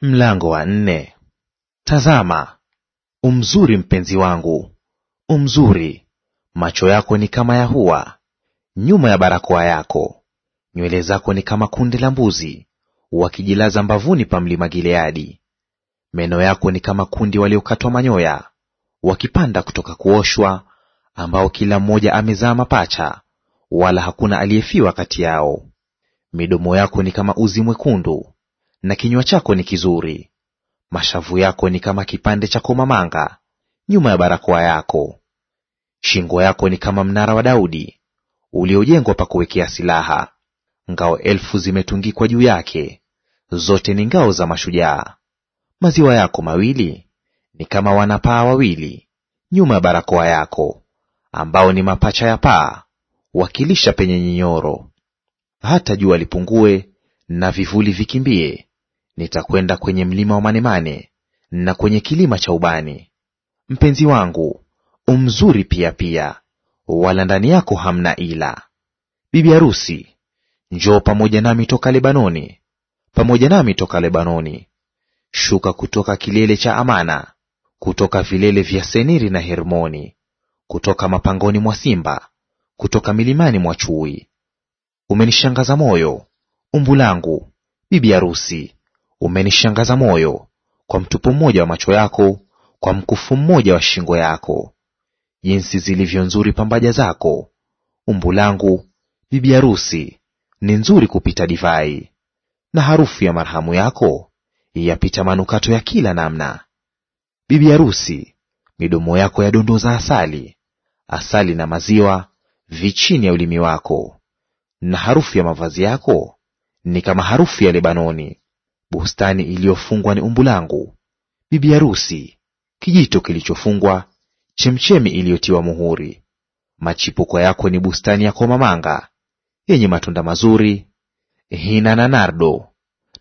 Mlango wa nne. Tazama, umzuri mpenzi wangu, umzuri! Macho yako ni kama ya hua nyuma ya barakoa yako, nywele zako ni kama kundi la mbuzi wakijilaza mbavuni pa mlima Gileadi. Meno yako ni kama kundi waliokatwa manyoya wakipanda kutoka kuoshwa, ambao kila mmoja amezaa mapacha, wala hakuna aliyefiwa kati yao. Midomo yako ni kama uzi mwekundu na kinywa chako ni kizuri. Mashavu yako ni kama kipande cha komamanga nyuma ya barakoa yako. Shingo yako ni kama mnara wa Daudi uliojengwa pa kuwekea silaha. Ngao elfu zimetungikwa juu yake, zote ni ngao za mashujaa. Maziwa yako mawili ni kama wanapaa wawili nyuma ya barakoa yako, ambao ni mapacha ya paa wakilisha penye nyinyoro. Hata jua lipungue na vivuli vikimbie, Nitakwenda kwenye mlima wa manemane na kwenye kilima cha ubani. Mpenzi wangu umzuri pia pia, wala ndani yako hamna ila. Bibi harusi, njoo pamoja nami toka Lebanoni, pamoja nami toka Lebanoni. Shuka kutoka kilele cha Amana, kutoka vilele vya Seniri na Hermoni, kutoka mapangoni mwa simba, kutoka milimani mwa chui. Umenishangaza moyo, umbu langu, bibi harusi umenishangaza moyo kwa mtupo mmoja wa macho yako, kwa mkufu mmoja wa shingo yako. Jinsi zilivyo nzuri pambaja zako, umbu langu, bibi harusi, ni nzuri kupita divai, na harufu ya marhamu yako yapita manukato ya kila namna. Bibi harusi, midomo yako yadondoza asali, asali na maziwa vichini ya ulimi wako, na harufu ya mavazi yako ni kama harufu ya Lebanoni bustani iliyofungwa ni umbu langu, bibi harusi, kijito kilichofungwa, chemchemi iliyotiwa muhuri. Machipuko yako ni bustani ya komamanga yenye matunda mazuri, hina na nardo,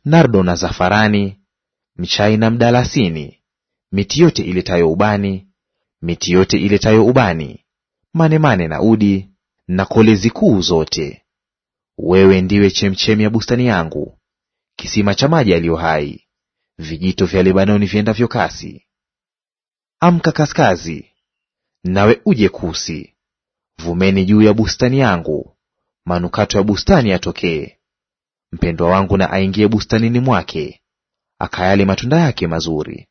nardo na zafarani, mchai na mdalasini, miti yote iletayo ubani, miti yote iletayo ubani, manemane na udi na kolezi kuu zote. Wewe ndiwe chemchemi ya bustani yangu, kisima cha maji yaliyo hai, vijito vya Lebanoni viendavyo kasi. Amka kaskazi, nawe uje kusi; vumeni juu ya bustani yangu, manukato ya bustani yatokee. Mpendwa wangu na aingie bustanini mwake, akayale matunda yake mazuri.